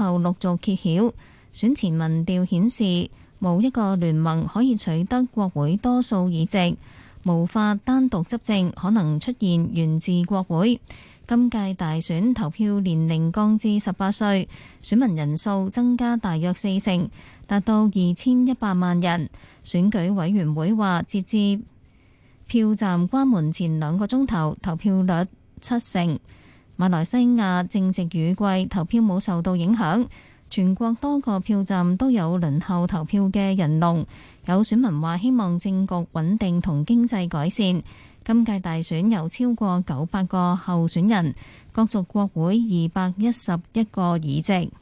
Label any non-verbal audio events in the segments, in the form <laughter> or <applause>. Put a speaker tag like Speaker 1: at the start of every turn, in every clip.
Speaker 1: 後陸續揭曉。選前民調顯示，冇一個聯盟可以取得國會多數議席，無法單獨執政，可能出現懸峙國會。今屆大選投票年齡降至十八歲，選民人數增加大約四成，達到二千一百萬人。選舉委員會話，截至票站關門前兩個鐘頭，投票率七成。馬來西亞正值雨季，投票冇受到影響，全國多個票站都有輪候投票嘅人龍。有選民話希望政局穩定同經濟改善。今屆大選有超過九百個候選人角逐國會二百一十一個議席。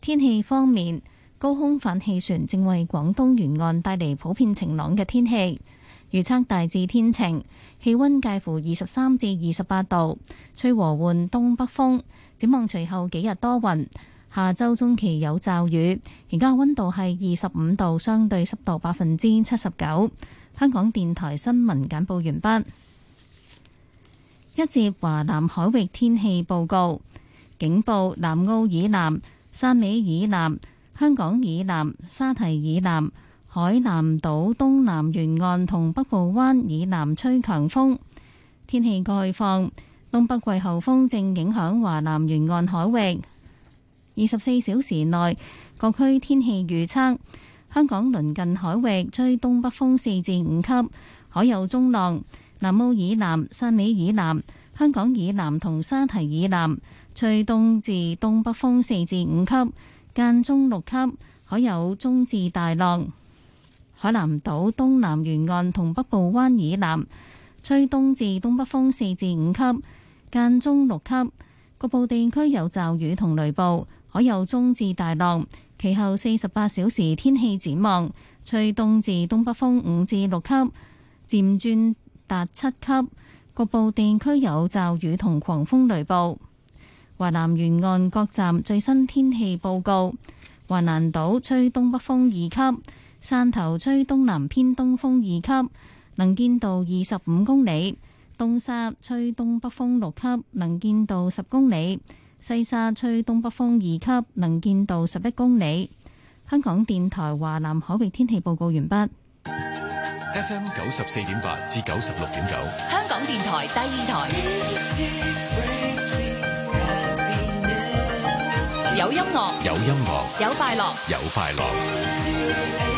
Speaker 1: 天氣方面，高空反氣旋正為廣東沿岸帶嚟普遍晴朗嘅天氣。預測大致天晴，氣溫介乎二十三至二十八度，吹和緩東北風。展望隨後幾日多雲，下周中期有驟雨。而家温度係二十五度，相對濕度百分之七十九。香港電台新聞簡報完畢。一節華南海域天氣報告，警報：南澳以南、汕尾以南、香港以南、沙堤以南。海南島東南沿岸同北部灣以南吹強風，天氣概放況。東北季候風正影響華南沿岸海域。二十四小時內各區天氣預測：香港鄰近海域吹東北風四至五級，海有中浪；南澳以南、汕尾以南、香港以南同沙堤以南吹東至東北風四至五級，間中六級，海有中至大浪。海南島東南沿岸同北部灣以南吹東至東北風四至五級，間中六級，局部地區有驟雨同雷暴，可有中至大浪。其後四十八小時天氣展望吹東至東北風五至六級，漸轉達七級，局部地區有驟雨同狂風雷暴。華南沿岸各站最新天氣報告：海南島吹東北風二級。汕頭吹東南偏東風二級，能見度二十五公里；東沙吹東北風六級，能見度十公里；西沙吹東北風二級，能見度十一公里。香港電台華南海域天氣報告完畢。FM
Speaker 2: 九十四點八至九十六點九，
Speaker 1: 香港電台第二台。
Speaker 3: 有音樂，
Speaker 4: 有音樂，有快樂，有快樂。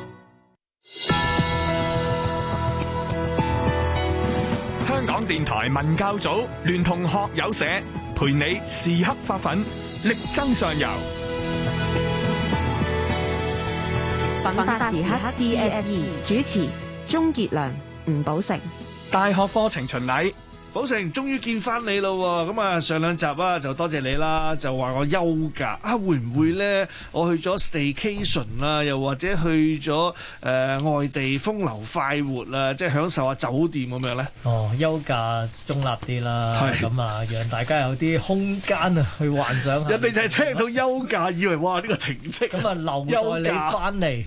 Speaker 2: 電台文教組聯同學友社陪你時刻發奮，力爭上游。
Speaker 1: 奮發時刻 DSE 主持鍾杰良、吳寶成，
Speaker 2: 大學課程巡禮。保成，終於見翻你咯喎！咁啊，上兩集啊，就多謝你啦，就話我休假啊，會唔會咧？我去咗 staycation 啦，又或者去咗誒、呃、外地風流快活啊，即係享受下酒店咁樣咧？哦，休假
Speaker 4: 中立啲啦，係咁啊，讓大家有啲空間啊，去幻想一下。人哋就係
Speaker 2: 聽到休假，以為哇呢、呢個停職。咁啊，留待你翻
Speaker 4: 嚟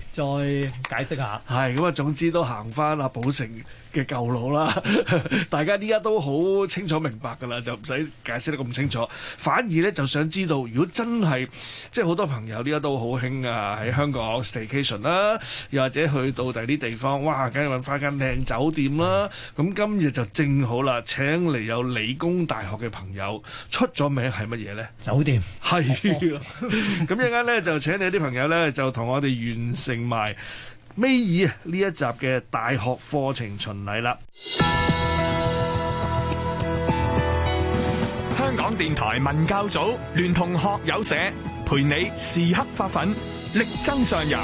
Speaker 4: 再
Speaker 2: 解釋下。係咁啊，總之都行翻啊，保成。嘅舊佬啦， <laughs> 大家呢家都好清楚明白噶啦，就唔使解釋得咁清楚，反而呢，就想知道，如果真係即係好多朋友呢家都好興啊，喺香港 staycation 啦，又或者去到第啲地方，哇，梗係揾翻間靚酒店啦。咁、嗯、今日就正好啦，請嚟有理工大學嘅朋友，出咗名係乜嘢呢？酒店係，咁一陣間呢，就請你啲朋友呢，就同我哋完成埋。尾二呢一集嘅大學課程巡禮啦！香港電台文教組聯同學友社陪你時刻發奮，力爭上游。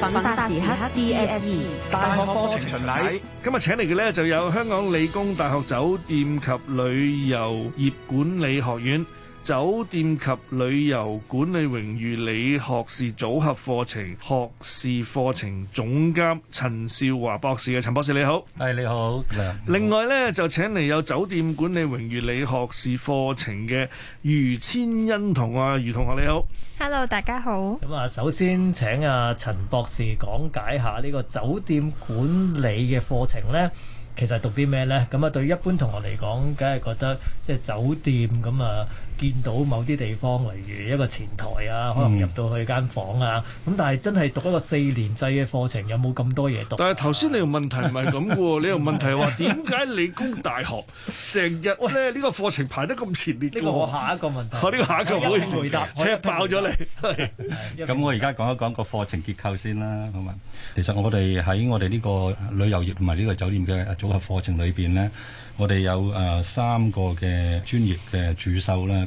Speaker 1: 品達時刻 DSE 大學課程巡
Speaker 4: 禮，
Speaker 2: 今日請嚟嘅咧，就有香港理工大學酒店及旅遊業管理學院。酒店及旅遊管理榮譽理學士組合課程學士課程總監陳少華博士嘅，陳博士你好，係你好。另外呢，好就請嚟，有酒店管理榮譽理學士
Speaker 4: 課程嘅余汘欣同，阿余同學你好
Speaker 3: ，Hello 大家好。
Speaker 4: 咁啊，首先請阿陳博士講解下呢，這個酒店管理嘅課程呢，其實讀啲咩呢？咁啊，對一般同學嚟講，梗係覺得即係、就是、酒店咁啊。見到某啲地方，例如一個前台啊，可能入到去間房啊，咁、嗯、但係真係讀一個四年制嘅課程，有冇咁多嘢讀？但係頭先你個問題唔係咁
Speaker 2: 嘅喎， <laughs> 你個問題係話點解理工大學成日咧呢個課程排得咁前列？呢、 <laughs> 哎呢個我下一個問題。我呢、哦呢個下一個可以回答，車爆咗你。
Speaker 5: 咁我而家講一講個課程結構先啦，好嘛？其實我哋喺我哋呢個旅遊業同埋呢個酒店嘅組合課程裏邊咧，我哋有誒三個嘅專業嘅主修啦。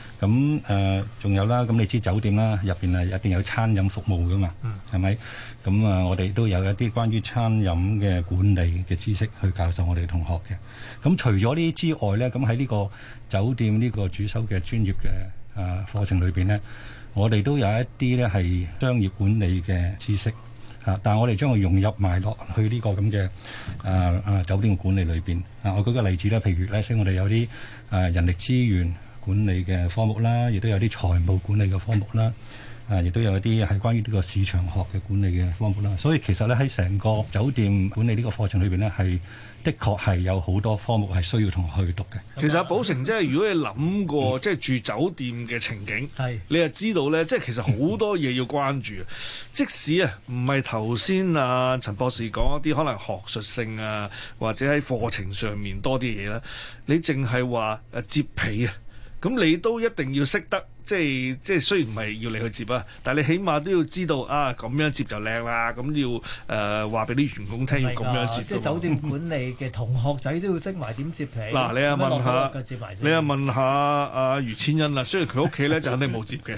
Speaker 5: 咁誒，仲、嗯、有啦，咁你知酒店啦，入邊係一定有餐飲服務噶嘛，係咪、嗯？咁啊，我哋都有一啲關於餐飲嘅管理嘅知識去教授我哋同學嘅。咁除咗呢之外呢，咁喺呢個酒店呢個主修嘅專業嘅誒課程裏邊呢，嗯、我哋都有一啲呢係商業管理嘅知識啊，但係我哋將佢融入埋落去呢個咁嘅誒誒酒店嘅管理裏邊啊。我舉個例子啦，譬如呢，如我哋有啲誒人力資源。管理嘅科目啦，亦都有啲財務管理嘅科目啦，啊，亦都有一啲係關於呢個市場學嘅管理嘅科目啦。所以其實咧喺成個酒店管理呢個課程裏邊咧，係的確係有好多科目係需要同學去讀嘅。其實阿寶
Speaker 2: 成即係，如果你諗過、嗯、即係住酒店嘅情景，係是你係知道咧，即係其實好多嘢要關注。 <laughs> 即使啊，唔係頭先啊陳博士講一啲可能學術性啊，或者喺課程上面多啲嘢啦，你淨係話誒摺被啊。咁你都一定要識得，即係即係雖然唔係要你去接啊，但係你起碼都要知道啊，咁樣接就靚啦。咁要誒話俾啲員工聽要咁樣接。即係酒店
Speaker 4: 管理嘅同學仔都要識埋點接你。嗱，你啊問下，你啊
Speaker 2: 問下阿余汘欣啦。雖然佢屋企咧就肯定冇接嘅，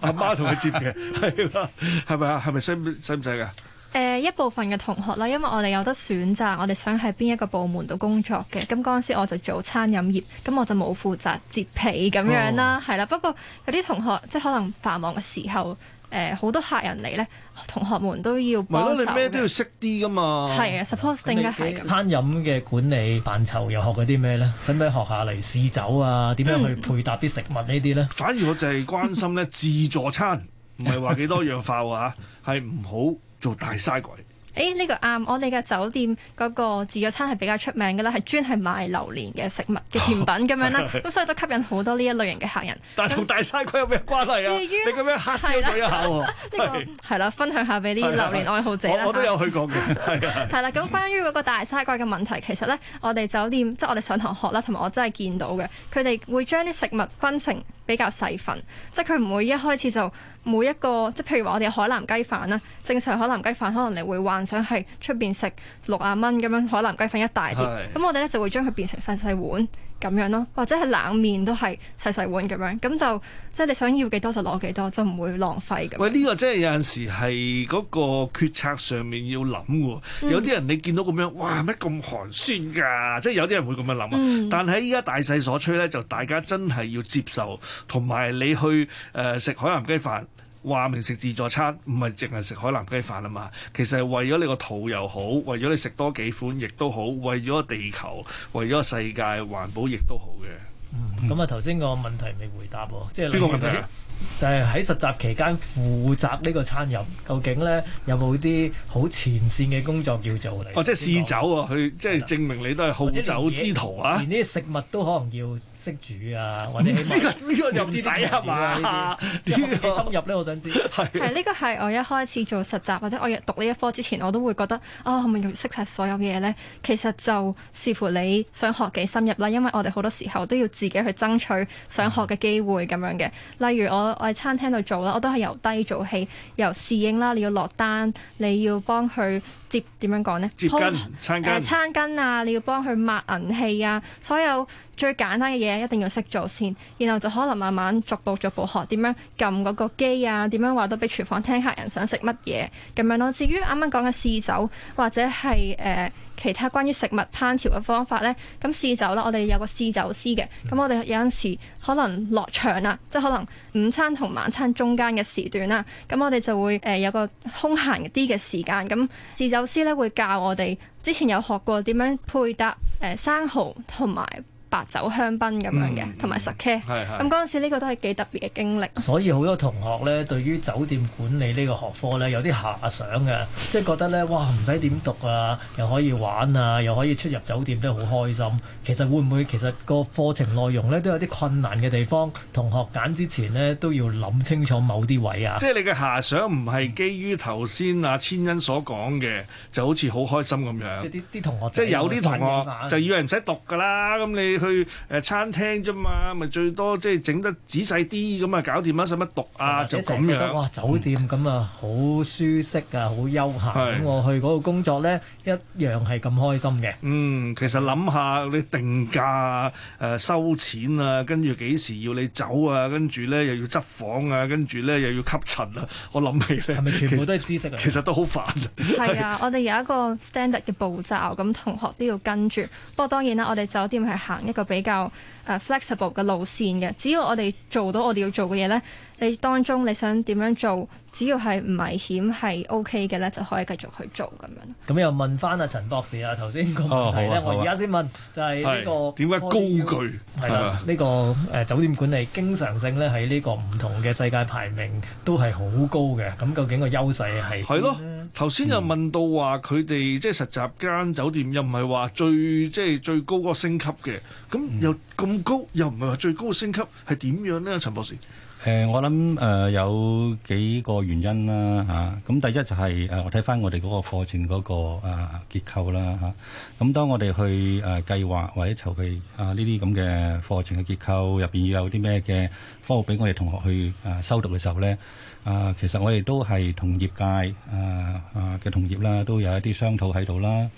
Speaker 2: 阿媽同佢接嘅，係啦，係咪啊？係咪使使唔使㗎？
Speaker 3: 誒、呃、一部分嘅同學啦，因為我哋有得選擇，我哋想喺邊一個部門度工作嘅。咁嗰陣時我就做餐飲業，咁我就冇負責接皮咁樣啦，係啦、哦。不過有啲同學即係可能繁忙嘅時候，誒、呃、好多客人嚟咧，同學們都要幫。係咯對，你咩都要
Speaker 4: 識啲噶嘛？係啊
Speaker 3: ，suppose、嗯嗯、應該係嘅。
Speaker 4: 餐飲嘅管理範疇又學嗰啲咩咧？使唔使學下嚟試酒啊？點樣去配搭啲食物呢啲咧？反而我就係關心咧自助
Speaker 2: 餐，唔係話幾多樣化喎嚇，係唔 <laughs> 好。
Speaker 3: 做大嘥鬼？誒，呢個啱，我哋嘅酒店嗰個自助餐係比較出名嘅啦，係專係賣榴蓮嘅食物嘅甜品咁樣啦，咁所以都吸引好多呢一類型嘅客人。但係同
Speaker 2: 大嘥鬼有咩關係啊？你咁樣黑
Speaker 3: 笑佢一下呢喎！係啦，分享下俾啲榴蓮愛好者。我都有去過嘅。係啦。係啦，咁關於嗰個大嘥鬼嘅問題，其實咧我哋酒店即係我哋上堂學啦，同埋我真係見到嘅，佢哋會將啲食物分成。比較細份，即係佢唔會一開始就每一個，即係譬如話我哋海南雞飯啦，正常海南雞飯可能你會幻想係出邊食六十蚊咁樣，海南雞飯一大碟，咁是我哋呢就會將佢變成細細碗。咁樣咯，或者係冷麵都係細細碗咁樣，咁就即係、就是、你想要幾多就攞幾多，就唔會浪費咁。喂，
Speaker 2: 呢、這個真係有陣時係嗰個決策上面要諗喎。嗯、有啲人你見到咁樣，哇！乜咁寒酸㗎、啊？即、就、係、是、有啲人會咁樣諗啊。嗯、但係依家大勢所趨咧，就大家真係要接受，同埋你去誒、呃、食海南雞飯。話明食自助餐唔係淨係食海南雞飯啊嘛，其實係為咗你個肚又好，為咗你食多幾款亦都好，為咗地球、為咗世界環保亦
Speaker 4: 都好嘅。嗯，咁啊頭先個問題未回答喎，即係邊個問題、啊、就係喺實習期間負責呢個餐飲，究竟咧有冇啲好前線嘅工作要做嚟？哦，
Speaker 2: 即係試酒啊，去即係的證明你都係好酒之徒啊！連
Speaker 4: 啲食物都可能要。識煮啊，或者呢個又唔使係嘛？深入咧？這個 我想知係呢、 <laughs> <laughs> 呢
Speaker 3: 個係我一開始做實習或者我讀呢一科之前，我都會覺得啊，係咪要識晒所有嘢呢？其實就視乎你想學幾深入啦，因為我哋好多時候都要自己去爭取想學嘅機會咁、嗯、樣嘅。例如我我喺餐廳度做啦，我都係由低做起，由侍應啦，你要落單，你要幫佢。接點樣講呢？
Speaker 1: 接餐巾、鋪呃、餐
Speaker 3: 巾啊！你要幫佢抹銀器啊！所有最簡單嘅嘢一定要識做先，然後就可能慢慢逐步逐步學點樣撳嗰個機啊，點樣話到俾廚房聽客人想食乜嘢咁樣咯。至於啱啱講嘅試酒或者係誒、呃其他關於食物烹調嘅方法呢？咁試酒啦，我哋有個試酒師嘅，咁我哋有陣時可能落場啦、啊，即係可能午餐同晚餐中間嘅時段啦、啊，咁我哋就會誒、呃、有個空閒啲嘅時間，咁試酒師呢，會教我哋，之前有學過點樣配搭誒、呃、生蠔同埋。白酒香檳咁樣嘅，同埋十 K。咁嗰陣時呢個都係幾特別嘅經歷。所
Speaker 4: 以好多同學呢，對於酒店管理呢個學科呢，有啲遐想嘅，即係覺得呢，哇唔使點讀啊，又可以玩啊，又可以出入酒店都好開心。其實會唔會其實個課程內容呢，都有啲困難嘅地方？同學揀之前呢，都要諗清楚某啲位啊。
Speaker 2: 即係你嘅遐想唔係基於頭先阿汘欣所講嘅，就好似好開心咁樣。即係
Speaker 4: 啲同，同學，即係有啲同學就
Speaker 2: 以為唔使讀㗎啦。咁你。去誒餐廳啫嘛，咪最多即係整得仔細啲咁啊，搞掂啊，使乜讀啊，就咁樣。哇！酒店
Speaker 4: 咁啊，好舒適啊，好休閒。咁我去嗰個工作咧，一樣係咁開心嘅。嗯，
Speaker 2: 其實諗下你定價誒收錢啊，跟住幾時要你走啊，跟住咧又要執房啊，跟住咧又要吸塵啊，我諗起咧係咪全部都係知識啊？其實都好煩。
Speaker 3: 係啊，我哋有一個 standard 嘅步驟，咁同學都要跟住。不過當然啦，我哋酒店係行。一個比較誒 flexible 嘅路線嘅，只要我哋做到我哋要做嘅嘢咧，你當中你想點樣做，只要係唔危險係 OK 嘅咧，就可以繼續去做咁樣。
Speaker 4: 咁、嗯、又問翻阿陳博士啊，頭先個問題咧，哦啊、我而家先問就係呢個點解高具係啦呢個誒酒店管理經常性咧喺呢個唔同嘅世界排名都係好高嘅，咁究竟個優勢係係咯。
Speaker 2: 的 <laughs> 頭先又問到話佢哋即係實習間酒店又唔係話最即係最高個升級嘅，咁又咁高又唔係話最高個升級係點樣呢？陳博士，
Speaker 5: 誒、呃、我諗誒、呃、有幾個原因啦嚇，咁、啊、第一就係、是、誒、呃、我睇翻我哋嗰個課程嗰、那個誒、啊、結構啦嚇，咁、啊、當我哋去誒、啊、計劃或者籌備啊呢啲咁嘅課程嘅結構入邊要有啲咩嘅科目俾我哋同學去誒修、啊、讀嘅時候咧。啊，其實我哋都係同業界啊啊嘅同業啦，都有一啲商討喺度啦。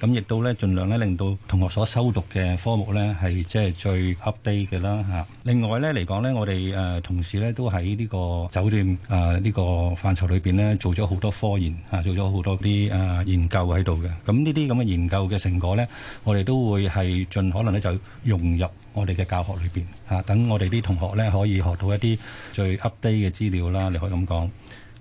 Speaker 5: 咁亦都咧，儘量咧令到同學所修讀嘅科目咧，係即係最 update 嘅啦嚇。另外咧嚟講咧，我哋誒同事咧都喺呢個酒店啊呢個範疇裏邊咧做咗好多科研啊，做咗好多啲誒研究喺度嘅。咁呢啲咁嘅研究嘅成果咧，我哋都會係儘可能咧就融入，我哋嘅教學裏邊嚇，等我哋啲同學呢可以學到一啲最 update 嘅資料啦，你可以咁講。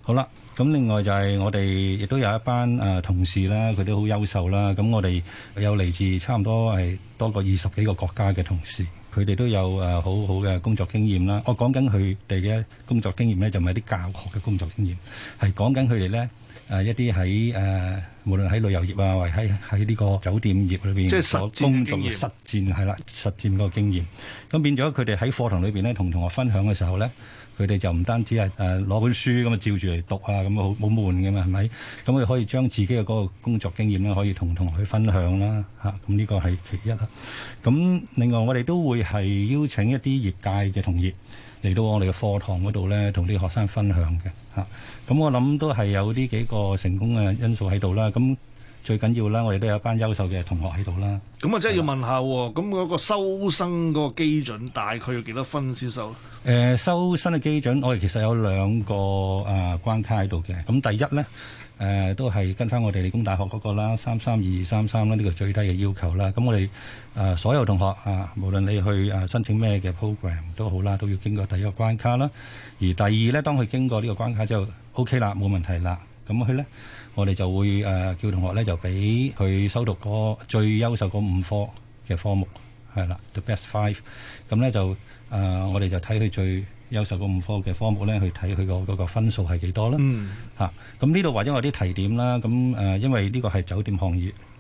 Speaker 5: 好啦，咁另外就係我哋亦都有一班誒同事啦，佢都好優秀啦。咁我哋有嚟自差唔多係多過二十幾個國家嘅同事，佢哋都有誒好好嘅工作經驗啦。我講緊佢哋嘅工作經驗呢，就唔係啲教學嘅工作經驗，係講緊佢哋呢誒一啲喺誒。無論喺旅遊業啊，或喺喺呢個酒店業裏邊，即係工作實戰經驗、實戰係啦，實戰嗰個經驗咁變咗。佢哋喺課堂裏邊咧，同同學分享嘅時候咧，佢哋就唔單止係誒攞本書咁啊，照住嚟讀啊，咁好好悶嘅嘛，係咪？咁佢可以將自己嘅嗰個工作經驗咧，可以同同學去分享啦嚇。咁、啊、呢個係其一啦。咁另外我哋都會係邀請一啲業界嘅同業。嚟到我哋嘅課堂嗰度咧，同啲學生分享嘅吓。咁、啊嗯、我諗都係有呢幾個成功嘅因素喺度啦。咁、啊、最緊要啦，我哋都有一班優秀嘅同學喺度啦。
Speaker 2: 咁啊，真係要問下喎。咁嗰個收生個基準，大概要幾多分先收？
Speaker 5: 誒、呃，收生嘅基準，我哋其實有兩個啊關卡喺度嘅。咁、啊、第一咧。誒、呃、都係跟翻我哋理工大學嗰個啦，三三二二三三啦，呢個最低嘅要求啦。咁我哋誒、呃、所有同學啊，無論你去誒申請咩嘅 program 都好啦，都要經過第一個關卡啦。而第二呢，當佢經過呢個關卡之後，OK 啦，冇問題啦。咁佢呢，我哋就會誒、呃、叫同學呢，就俾佢修讀嗰最優秀嗰五科嘅科目，係啦，The Best Five、嗯。咁呢就。誒、呃，我哋就睇佢最優秀個五科嘅科目咧，去睇佢個嗰個分數係幾多啦？吓、嗯，咁呢度或者我啲提點啦。咁誒、呃，因為呢個係酒店行業。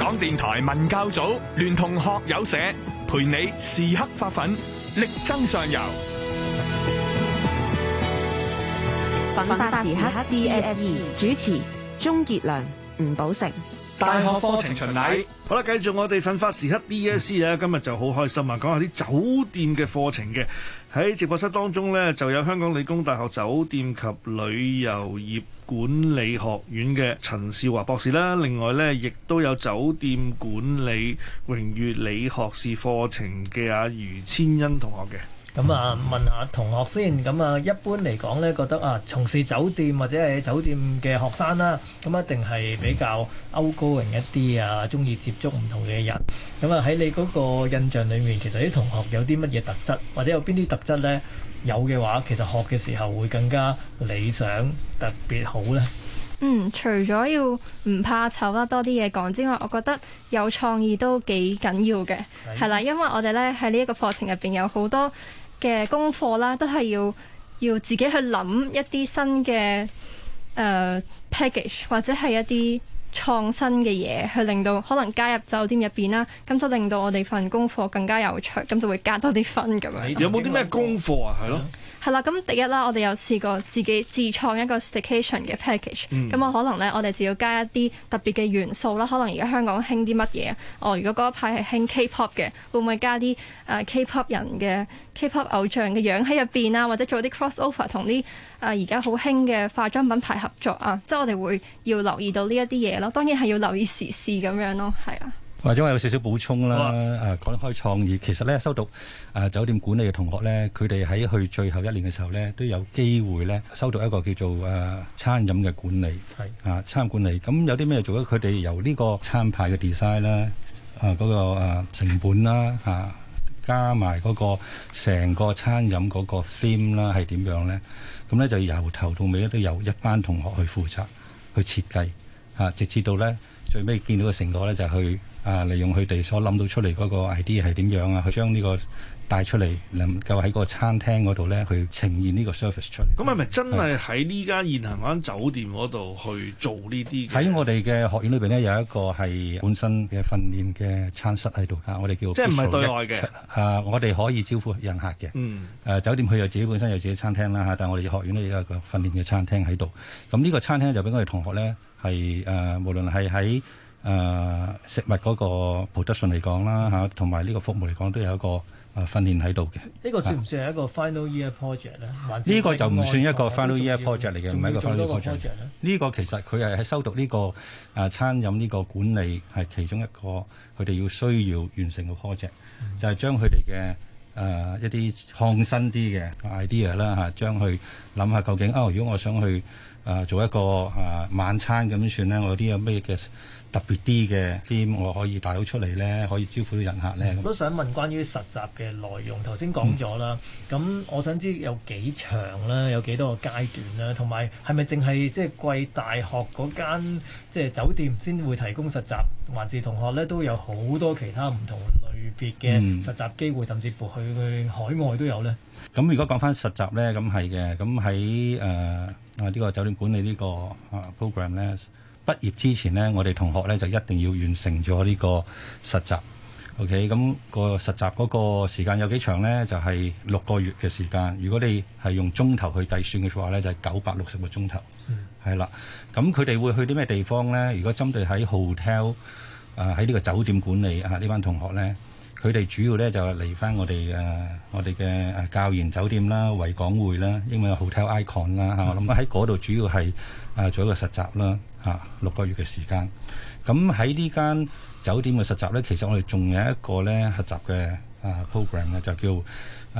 Speaker 5: 港電台文教
Speaker 2: 組聯同學友社陪你時刻發奮，力爭上游。
Speaker 1: 奮發時刻 DSE 主持鍾杰良、吳寶成。大學課程巡禮，
Speaker 2: 好啦，繼續我哋奮發時刻 DSE 啊！今日就好開心啊，講下啲酒店嘅課程嘅。喺直播室當中咧，就有香港理工大學酒店及旅遊業管理學院嘅陳少華博士啦。另外咧，亦都有酒店管理榮譽理學士課程嘅阿余汘欣同學嘅。
Speaker 4: 咁啊，問下同學先。咁啊，一般嚟講呢，覺得啊，從事酒店或者係酒店嘅學生啦，咁一定係比較 outgoing 一啲啊，中意接觸唔同嘅人。咁啊，喺你嗰個印象裏面，其實啲同學有啲乜嘢特質，或者有邊啲特質呢？有嘅話，其實學嘅時候會更加理想，特別好呢。
Speaker 3: 嗯，除咗要唔怕醜得多啲嘢講之外，我覺得有創意都幾緊要嘅，係啦是，因為我哋呢喺呢一個課程入邊有好多。嘅功課啦，都係要要自己去諗一啲新嘅誒、uh, package，或者係一啲，創新嘅嘢去令到可能加入酒店入邊啦，咁就令到我哋份功課更加有趣，咁就會加多啲分咁樣。有冇啲
Speaker 2: 咩功課啊？係咯、
Speaker 3: 嗯，係啦。咁第一啦，我哋有試過自己自創一個 station 嘅 package，咁我可能咧，我哋就要加一啲特別嘅元素啦。可能而家香港興啲乜嘢？哦，如果嗰一排係興 K-pop 嘅，會唔會加啲誒 K-pop 人嘅 K-pop 偶像嘅樣喺入邊啊？或者做啲 cross over 同啲誒而家好興嘅化妝品牌合作啊？即係我哋會要留意到呢一啲嘢。咯，當然係要留意時事咁樣咯，係啊。
Speaker 5: 或者我有少少補充啦。誒、啊啊，講開創意，其實咧，修讀誒、呃、酒店管理嘅同學呢，佢哋喺去最後一年嘅時候呢，都有機會呢收讀一個叫做誒、呃、餐飲嘅管理係是啊，餐飲管理。咁有啲咩做咧？佢哋由呢個餐牌嘅 design 啦，啊嗰、那個、呃、成本啦嚇、啊，加埋嗰個成個餐飲嗰個 theme 啦，係點樣呢？咁呢，就由頭到尾咧都由一班同學去負責去設計。啊！直至到咧最尾見到嘅成果咧，就係去啊，利用佢哋所諗到出嚟嗰個 idea 係點樣啊？去將呢個帶出嚟，能夠喺嗰個餐廳嗰度咧去呈現呢個 service 出嚟。
Speaker 2: 咁係咪真係喺呢間現行灣酒店嗰度去
Speaker 5: 做呢啲？喺我哋嘅學院裏邊咧，有一個係本身嘅訓練嘅餐室喺度嚇，我哋叫即係唔係對外嘅啊、呃？我哋可以招呼人客嘅。嗯、呃。酒店佢有自己本身有自己餐廳啦嚇，但係我哋學院呢，有一個訓練嘅餐廳喺度。咁、嗯、呢、嗯、個餐廳就俾我哋同學咧。係誒、呃，無論係喺誒食物嗰個 production 嚟講啦嚇，同埋呢個服務嚟講，都有一個誒、呃、訓練喺度嘅。呢個算唔
Speaker 4: 算係一個 final year project 咧？呢個就唔算一個 final year project 嚟嘅，唔係一個 final year project。
Speaker 5: 呢個其實佢係喺修讀呢、這個誒、呃、餐飲呢個管理係其中一個佢哋要需要完成嘅 project、嗯、就係將佢哋嘅誒一啲創新啲嘅 idea 啦、啊、嚇，將佢諗下究竟哦、呃，如果我想去。嗯誒、呃、做一個誒、呃、晚餐咁算咧，我有啲有咩嘅特別啲嘅 team 我可以帶到出嚟咧，可以招呼到人客咧。我、嗯、都
Speaker 4: 想問關於實習嘅內容，頭先講咗啦。咁、嗯、我想知有幾長啦，有幾多個階段咧，同埋係咪淨係即係貴大學嗰間即係酒店先會提供實習，還是同學咧都有好多其他唔同類別嘅實習機會，嗯、甚至乎去去海外都有咧？
Speaker 5: 咁、嗯、如果講翻實習咧，咁係嘅。咁喺誒。呢個酒店管理呢個 program 咧，畢業之前呢，我哋同學呢就一定要完成咗呢個實習。OK，咁個實習嗰個時間有幾長呢？就係六個月嘅時間。如果你係用鐘頭去計算嘅話呢，就係九百六十個鐘頭。嗯，係啦。咁佢哋會去啲咩地方呢？如果針對喺 hotel 啊、呃，喺呢個酒店管理啊呢班同學呢。佢哋主要咧就嚟返我哋誒、啊、我哋嘅誒教研酒店啦，唯港薈啦，英文 Hotel Icon 啦、啊、嚇。我諗喺嗰度主要係誒、啊、做一個實習啦嚇、啊，六個月嘅時間。咁喺呢間酒店嘅實習咧，其實我哋仲有一個咧合集嘅誒 program 嘅，就叫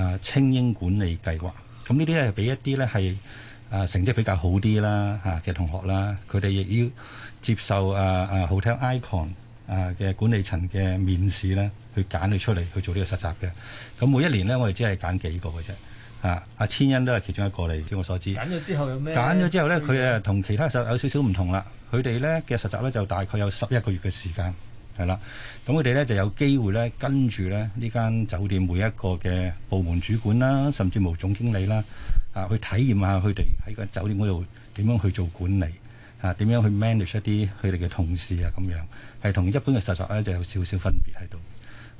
Speaker 5: 誒青、啊、英管理計劃。咁、啊、呢啲咧係俾一啲咧係誒成績比較好啲啦嚇嘅同學啦，佢哋亦要接受誒誒、啊啊、Hotel Icon 誒、啊、嘅管理層嘅面試啦。啊去揀佢出嚟去做呢個實習嘅。咁每一年呢，我哋只係揀幾個嘅啫。啊，阿汘欣都係其中一個嚟，據我所知。揀咗
Speaker 4: 之後有咩？揀咗之後呢，
Speaker 5: 佢啊同其他實習有少少唔同啦。佢哋呢嘅實習呢，就大概有十一個月嘅時間係啦。咁佢哋呢就有機會呢，跟住呢呢間酒店每一個嘅部門主管啦，甚至乎總經理啦啊，去體驗下佢哋喺個酒店嗰度點樣去做管理啊，點樣去 manage 一啲佢哋嘅同事啊咁樣，係同一般嘅實習呢，就有少少，少分別喺度。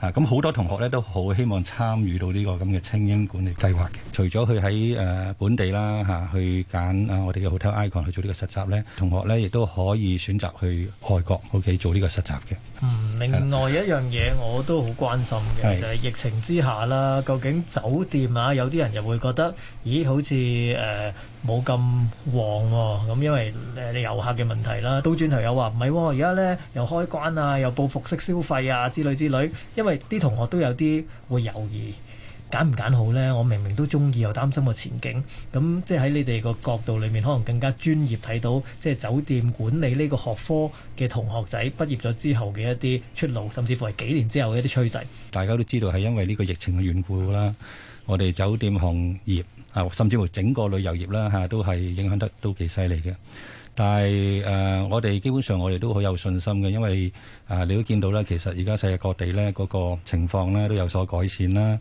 Speaker 5: 啊，咁好多同學咧都好希望參與到呢個咁嘅菁英管理計劃嘅。除咗佢喺誒本地啦吓，去揀啊我哋嘅 Hotel Icon 去做呢個實習咧，同學咧亦都可以選擇去外國屋企做呢個實習嘅。嗯。
Speaker 4: 另外一樣嘢我都好關心嘅，就係、是、疫情之下啦，究竟酒店啊，有啲人又會覺得，咦，好似誒冇咁旺喎，哦，咁因為你遊、呃、客嘅問題啦。倒轉頭又話唔係喎，而家咧又開關啊，又報復式消費啊之類之類，因為啲同學都有啲會猶豫。揀唔揀好呢？我明明都中意，又擔心個前景。咁即係喺你哋個角度裏面，可能更加專業睇到，即係酒店管理呢個學科嘅同學仔畢業咗之後嘅一啲出路，甚至乎係幾
Speaker 5: 年之後嘅一啲趨勢。大家都知道係因為呢個疫情嘅緣故啦，我哋酒店行業啊，甚至乎整個旅遊業啦嚇，都係影響得都幾犀利嘅。但係誒、呃，我哋基本上我哋都好有信心嘅，因為誒、呃、你都見到咧，其實而家世界各地呢嗰個情況咧都有所改善啦。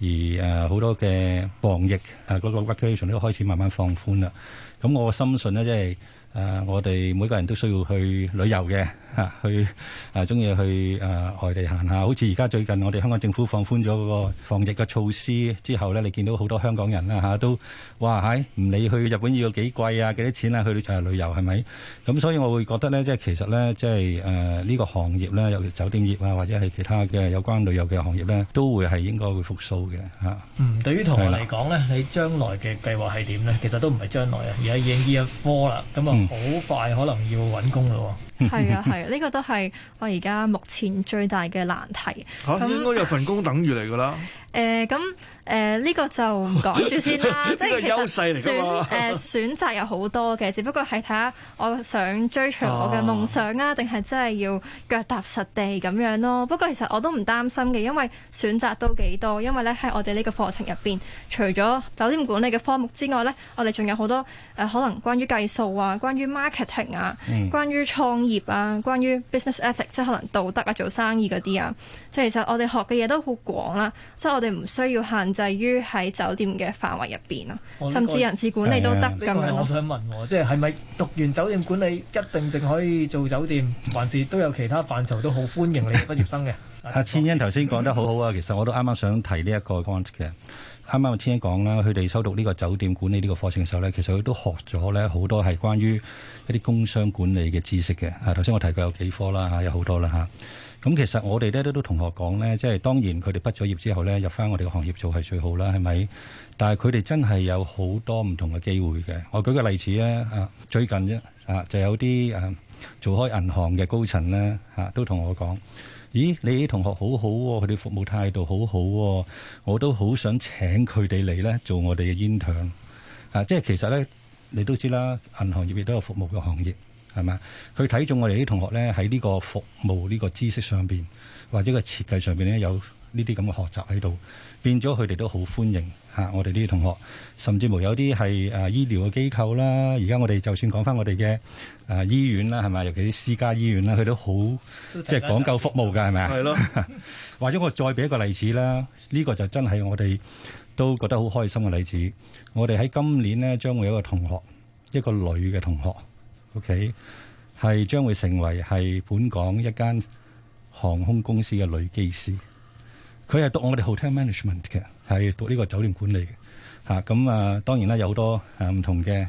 Speaker 5: 而誒好多嘅防疫啊，嗰個 vacation 都開始慢慢放寬啦。咁我深信呢，即係。誒，我哋每個人都需要去旅遊嘅嚇，去誒中意去誒外地行下。好似而家最近我哋香港政府放寬咗嗰個防疫嘅措施之後咧，你見到好多香港人啦嚇，都哇係唔理去日本要幾貴啊，幾多錢啊，去誒旅遊係咪？咁所以我會覺得咧，即係其實咧，即係誒呢個行業咧，尤其酒店業啊，或者係其他嘅有關旅遊嘅行業咧，都會係應該會復甦嘅嚇。
Speaker 4: 嗯，對於同學嚟講咧，你將來嘅計劃係點咧？其實都唔係將來啊，而家已經呢一科啦。咁啊～好快可能要揾工咯喎，係啊，係
Speaker 3: 啊，呢個都係我而家目前最大嘅難題。嚇、啊，咁應該有
Speaker 2: 份工等住嚟㗎啦。 <laughs>
Speaker 3: 誒，咁誒呢個就唔講住先啦。即係 <laughs> 其實選，誒、 <laughs> 呃、選擇有好多嘅，只不過係睇下我想追隨我嘅夢想啊，定係、哦、真係要腳踏實地咁樣咯。不過其實我都唔擔心嘅，因為選擇都幾多。因為咧喺我哋呢個課程入邊，除咗酒店管理嘅科目之外咧，我哋仲有好多誒、呃、可能關於計數啊、關於 marketing 啊、嗯、關於創業啊、關於 business ethics，即係可能道德啊、做生意嗰啲啊。即係其實我哋學嘅嘢都好廣啦。即係我哋唔需要限制於喺酒店嘅範圍入邊啊，哦、甚至人事管理都得㗎。我
Speaker 4: 想問喎，即係咪讀完酒店管理一定淨可以做酒店，還是都有其他範疇都好歡迎你畢業生嘅？
Speaker 5: 阿、啊、 <laughs> 千欣頭先講得好好啊，其實我都啱啱想提呢一個 point 嘅。啱啱千欣講啦，佢哋修讀呢個酒店管理呢個課程嘅時候呢，其實佢都學咗呢好多係關於一啲工商管理嘅知識嘅。啊，頭先我提過有幾科啦，有好多啦，嚇。咁其實我哋咧都都同學講咧，即係當然佢哋畢咗業之後咧，入翻我哋個行業做係最好啦，係咪？但係佢哋真係有好多唔同嘅機會嘅。我舉個例子啊，最近啫啊，就有啲啊做開銀行嘅高層咧嚇，都同我講：咦，你啲同學好好喎，佢哋服務態度好好喎，我都好想請佢哋嚟咧做我哋嘅 intern。啊，即係其實咧你都知啦，銀行業亦都有服務嘅行業。係咪佢睇中我哋啲同學咧，喺呢個服務呢、呢個知識上邊，或者個設計上邊咧，有呢啲咁嘅學習喺度，變咗佢哋都好歡迎嚇、啊、我哋呢啲同學。甚至乎有啲係誒醫療嘅機構啦，而家我哋就算講翻我哋嘅誒醫院啦，係咪？尤其啲私家醫院啦，佢都好即係講究服務嘅，係咪啊？係咯。或者我再俾一個例子啦，呢、呢個就真係我哋都覺得好開心嘅例子。我哋喺今年呢，將會有一個同學，一個女嘅同學。OK，係將會成為係本港一間航空公司嘅女機師。佢係讀我哋 hotel management 嘅，係讀呢個酒店管理嘅吓。咁啊，當然啦，有好多唔同嘅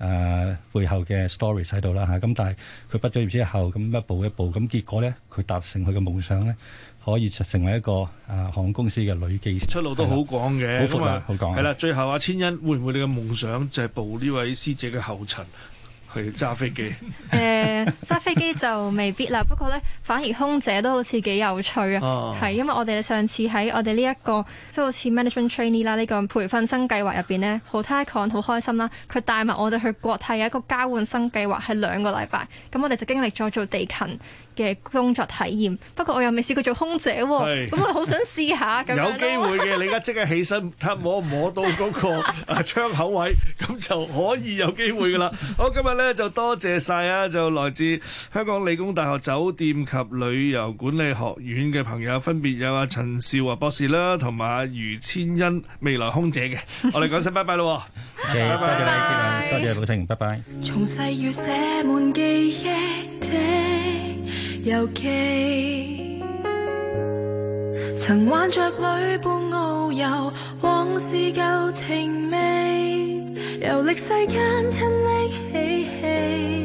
Speaker 5: 誒背後嘅 story 喺度啦吓。咁但係佢畢咗業之後，咁一步一步咁結果咧，佢達成佢嘅夢想咧，可以成為一個誒航空公司嘅女機師，出路都好廣嘅。好啊，好講係啦。
Speaker 2: 最後，阿汘欣會唔會你嘅夢想就係步呢位師姐嘅後塵？去
Speaker 3: 揸飛機？誒揸飛機就未必啦，不過呢，反而空姐都好似幾有趣啊！係、oh。因為我哋上次喺我哋呢一個即係好似 management trainee 啦呢個培訓生計劃入邊呢，好 icon 好開心啦！佢帶埋我哋去國泰有一個交換生計劃，係兩個禮拜，咁我哋就經歷咗做地勤。嘅工作體驗，不過我又未試過做空姐喎，咁我好想試下。 <laughs> 有機會
Speaker 2: 嘅，你而家即刻起身，睇攞摸到嗰個窗口位，咁 <laughs> 就可以有機會噶啦。好，今日咧就多謝晒啊，就來自香港理工大學酒店及旅遊管理學院嘅朋友，分別有阿陳少華博士啦，同埋阿余汘欣未來空姐嘅，
Speaker 5: 我哋講聲拜拜咯！ <laughs> okay, 拜拜！多謝，
Speaker 3: 多謝你，多謝
Speaker 5: 老成，拜，拜
Speaker 3: 從細寫滿記憶的。遊記，曾挽着侶伴遨遊，往事舊情味，遊歷世間親歷嬉戲，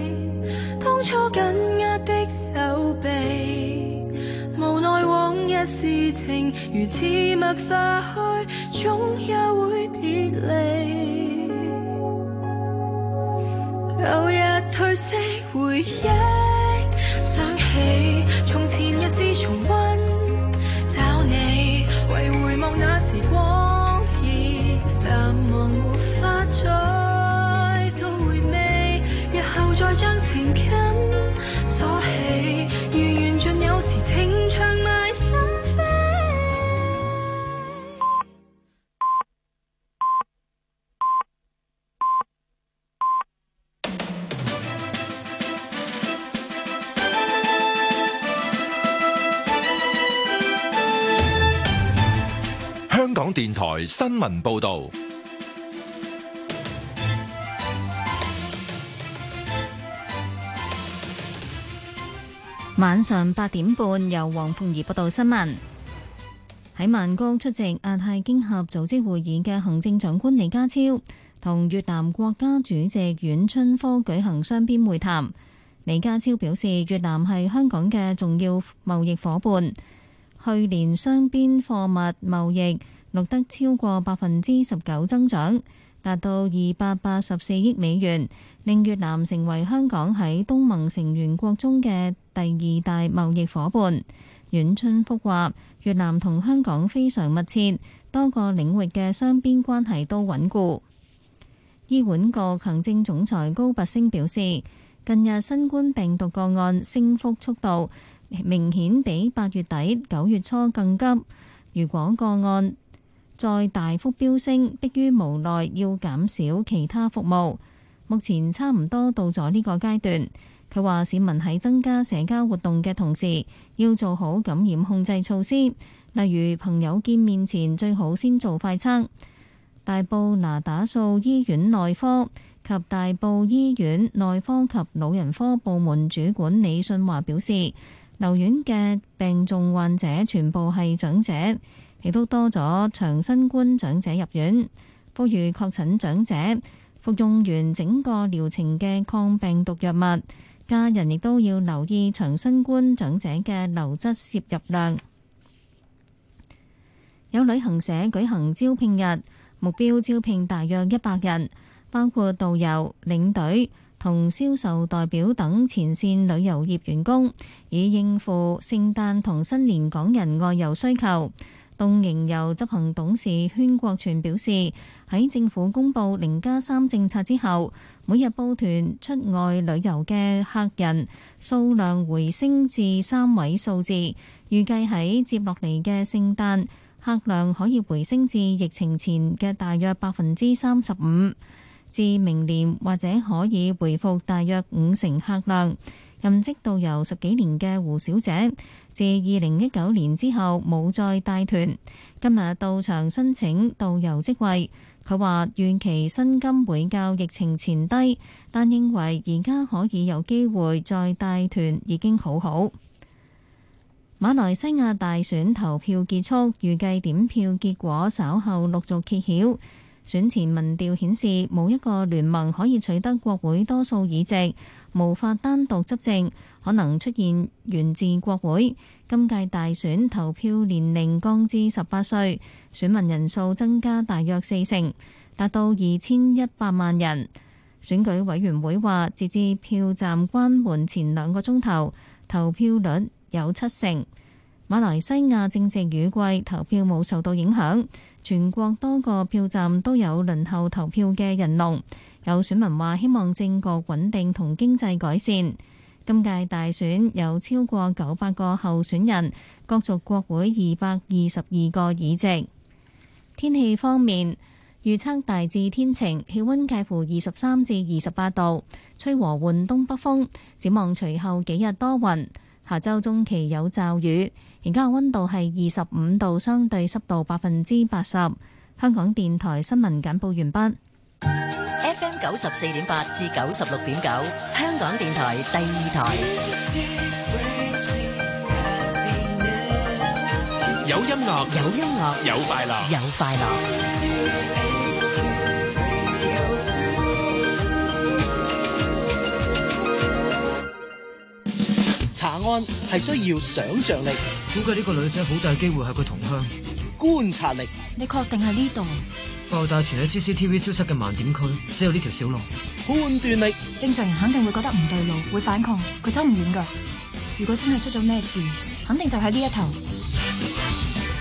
Speaker 3: 當初緊握的手臂，無奈往日事情如此默化開，總也會別離，舊日褪色回憶。自從我。
Speaker 5: 港電台新聞報道，
Speaker 1: 晚上八點半由黃鳳儀報道新聞。喺曼谷出席亞太經合組織會議嘅行政長官李家超，同越南國家主席阮春福舉行雙邊會談。李家超表示，越南係香港嘅重要貿易夥伴，去年雙邊貨物貿易。錄得超過百分之十九增長，達到二百八十四億美元，令越南成為香港喺東盟成員國中嘅第二大貿易伙伴。阮春福話：越南同香港非常密切，多個領域嘅雙邊關係都穩固。醫管局行政總裁高拔陞表示，近日新冠病毒個案升幅速度明顯比八月底、九月初更急。如果個案再大幅飆升，迫於無奈要減少其他服務，目前差唔多到咗呢個階段。佢話市民喺增加社交活動嘅同時，要做好感染控制措施，例如朋友見面前最好先做快測。大埔拿打素醫院內科及大埔醫院內科及老人科部門主管李信華表示，留院嘅病重患者全部係長者。亦都多咗長新冠長者入院，呼籲確診長者服用完整個療程嘅抗病毒藥物，家人亦都要留意長新冠長者嘅流質攝入量。有旅行社舉行招聘日，目標招聘大約一百人，包括導遊、領隊同銷售代表等前線旅遊業員工，以應付聖誕同新年港人外遊需求。東瀛遊執行董事軒國全表示，喺政府公布零加三政策之後，每日報團出外旅遊嘅客人數量回升至三位數字，預計喺接落嚟嘅聖誕客量可以回升至疫情前嘅大約百分之三十五，至明年或者可以回復大約五成客量。任職導遊十幾年嘅胡小姐。自二零一九年之後冇再帶團，今日到場申請導遊職位。佢話預期薪金會較疫情前低，但認為而家可以有機會再帶團已經好好。馬來西亞大選投票結束，預計點票結果稍後陸續揭曉。選前民調顯示，冇一個聯盟可以取得國會多數議席，無法單獨執政，可能出現懸峙國會。今屆大選投票年齡降至十八歲，選民人數增加大約四成，達到二千一百萬人。選舉委員會話，截至票站關門前兩個鐘頭，投票率有七成。馬來西亞正值雨季，投票冇受到影響，全國多個票站都有輪候投票嘅人龍。有選民話，希望政局穩定同經濟改善。今屆大選有超過九百個候選人，角逐國會二百二十二個議席。天氣方面，預測大致天晴，氣温介乎二十三至二十八度，吹和緩東北風。展望隨後幾日多雲，下周中期有驟雨。而家嘅溫度係二十五度，相對濕度百分之八十。香港電台新聞簡報完畢。FM 九十四點八至九十六點九，香港電台第二台。
Speaker 4: 有音樂，有音樂，有快樂，有快樂。查案係需要想象力。估計呢個女仔好大機會係佢同鄉。觀察力，
Speaker 3: 你確定係呢度？
Speaker 4: 爆大全喺 CCTV 消失嘅盲點區，只有呢條小路。
Speaker 3: 判斷力，正常人肯定會覺得唔對路，會反抗，佢走唔遠噶。如果真係出咗咩事，肯定就喺呢一頭。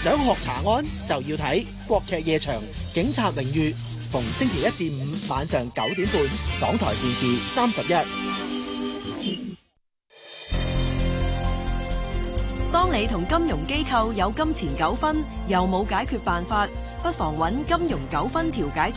Speaker 4: 想學查案就要睇《國劇夜場警察榮譽》，逢星期一至五晚上九點半，港台電視三十一。
Speaker 3: 當你同金融機構有金錢糾紛，又冇解決辦法，不妨揾金融糾紛調解中心。